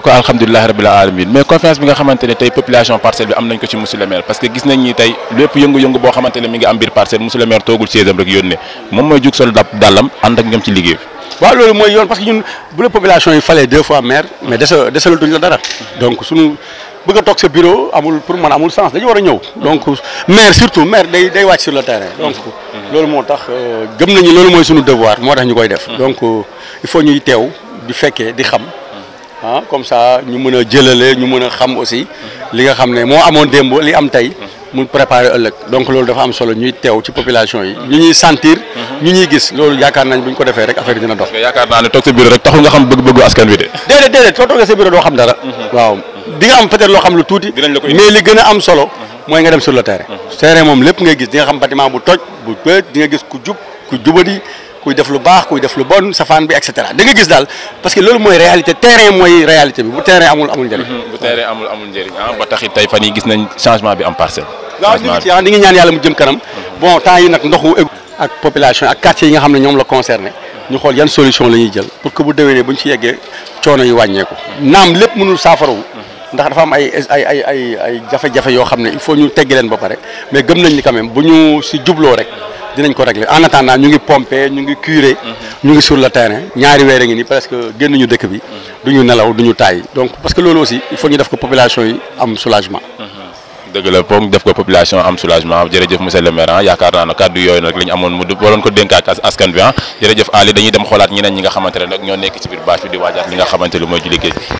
defal ko alhamdulilah rabil alamin mais confiance bi nga xamante ne tey population parcelle bi am nañ ko ci monsieur le maire gis nañ ni tey lépp yëngu-yëngu boo xamante ne mi ngi am biir parcelle monsieur le maire toogul siège am moom mooy jug sol dab dàllam ànd ak ñoom ci liggéey waaw loolu mooy yoon parce bu la population yi falee deux fois maire mais desa desalul duñ la dara donc suñu bëgg a toog sa bureau amul pour man amul sens dañu war a ñëw donc ah comme ça ñu mën a jëlale ñu mën a xam aussi li nga xam ne moo amoon démb li am tey mu préparer ëllëg donc loolu dafa am solo ñuy teew ci population yi ñu ñuy sentir mhm. ñu ñuy gis loolu yaakaar nañ bu ñu ko defee rek affaire dina dox yaakaar ne toog sa bureau rek doo xam dara mhm. waaw di nga am peut loo xam lu tuuti mais li gën a am solo mhm. mooy nga dem sur le terrain terrain moom lépp ngay gis di nga xam bâtiment bu toj bu bëj di nga gis ku jub ku jubadi kuy def lu baax kuy def lu bon safaan bi et cetera da nga gis daal parce que loolu mooy réalité terrain mooy réalité bi bu terrain amul amul njëriñ. Mhm, bu ah. ba taxit tey yi gis nañ changement bi am parcelle. waaw ah, ngi ñaan yàlla mu jëm kanam. Mhm. bon temps yi nag ndoxu ak population ak quartier yi nga xam ne ñoom la concerné. ñu xool yan solution la ñuy jël pour que bu déwénee bu ñu ci yeggee coono yu wàññeeku. naam lépp mënul saafarawu. Mhm. ndax dafa am ay ay ay ay jafe-jafe yoo xam ne il faut ñu teggi leen ba pare mais gëm nañ ni quand même dinañ ko régler en attendant ñu ngi pomper ñu ngi curer. Mhm. ñu ngi sur le terrain ñaari weer a ngi nii presque génnuñu dëkk bi. Mhm. du ñu nelaw du ñu taay donc parce que loolu aussi il faut ñu def ko population yi am soulagement. Mhm. dëgg la pour def ko population am soulagement jërëjëf monsieur le maire ah. yaakaar naa ne kàddu yooyu nag la amoon mu waroon ko dénkaat askan bi ah jërëjëf Ali dañuy dem xoolaat ñeneen ñi nga xamante nag ñoo nekk ci biir bâche bi di waajaat